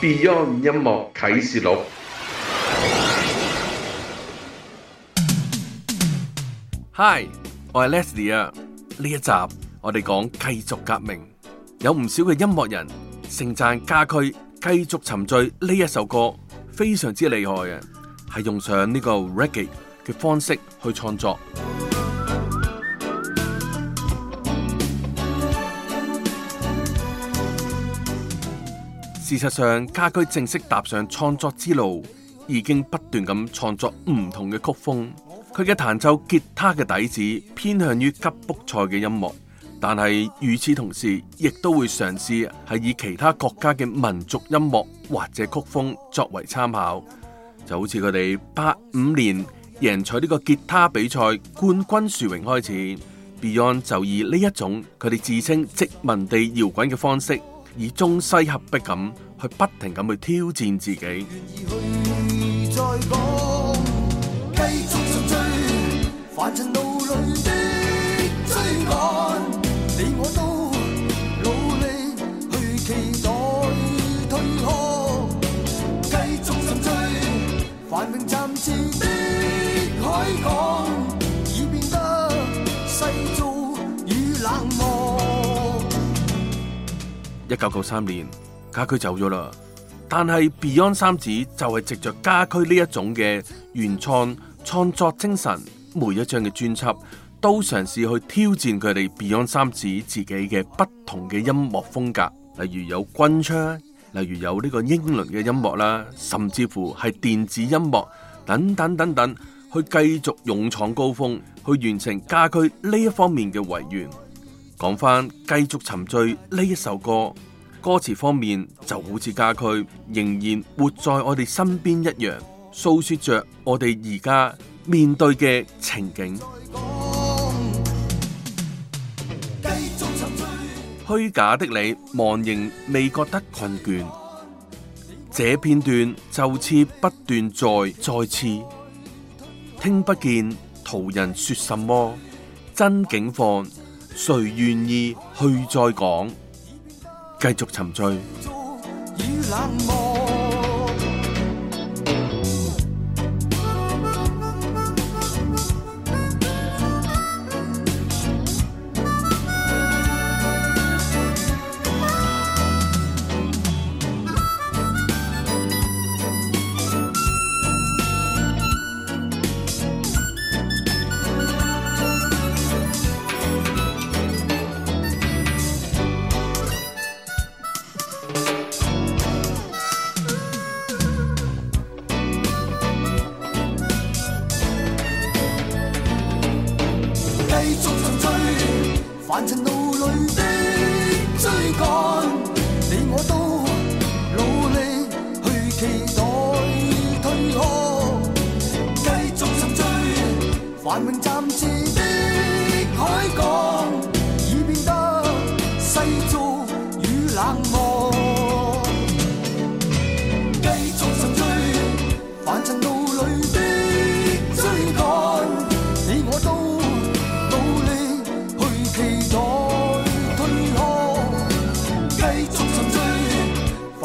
Beyond, Beyond 音樂啟事錄。Hi，我係 Leslie 啊。呢一集我哋講繼續革命，有唔少嘅音樂人盛讚家駒繼續沉醉呢一首歌，非常之厲害嘅，係用上呢個 reggae 嘅方式去創作。事實上，家駒正式踏上創作之路，已經不斷咁創作唔同嘅曲風。佢嘅彈奏吉他嘅底子偏向於吉卜賽嘅音樂，但係與此同時，亦都會嘗試係以其他國家嘅民族音樂或者曲風作為參考。就好似佢哋八五年贏取呢個吉他比賽冠軍殊榮開始，Beyond 就以呢一種佢哋自稱殖民地搖滾嘅方式。以中西合璧咁去不停咁去挑戰自己。一九九三年，家駒走咗啦。但係 Beyond 三子就係藉着家駒呢一種嘅原創創作精神，每一張嘅專輯都嘗試去挑戰佢哋 Beyond 三子自己嘅不同嘅音樂風格，例如有軍樂，例如有呢個英倫嘅音樂啦，甚至乎係電子音樂等等等等，去繼續勇闖高峰，去完成家駒呢一方面嘅遺願。講翻繼續沉醉呢一首歌，歌詞方面就好似家駒仍然活在我哋身邊一樣，訴說着我哋而家面對嘅情景。繼續沉醉虛假的你，忘形未覺得困倦。這片段就此不斷再再次聽不見途人説什麼真景況。誰願意去再講，繼續沉醉。凡塵路裡的追趕，你我都努力去期待退航，繼續沉醉，繁榮暫時的海港。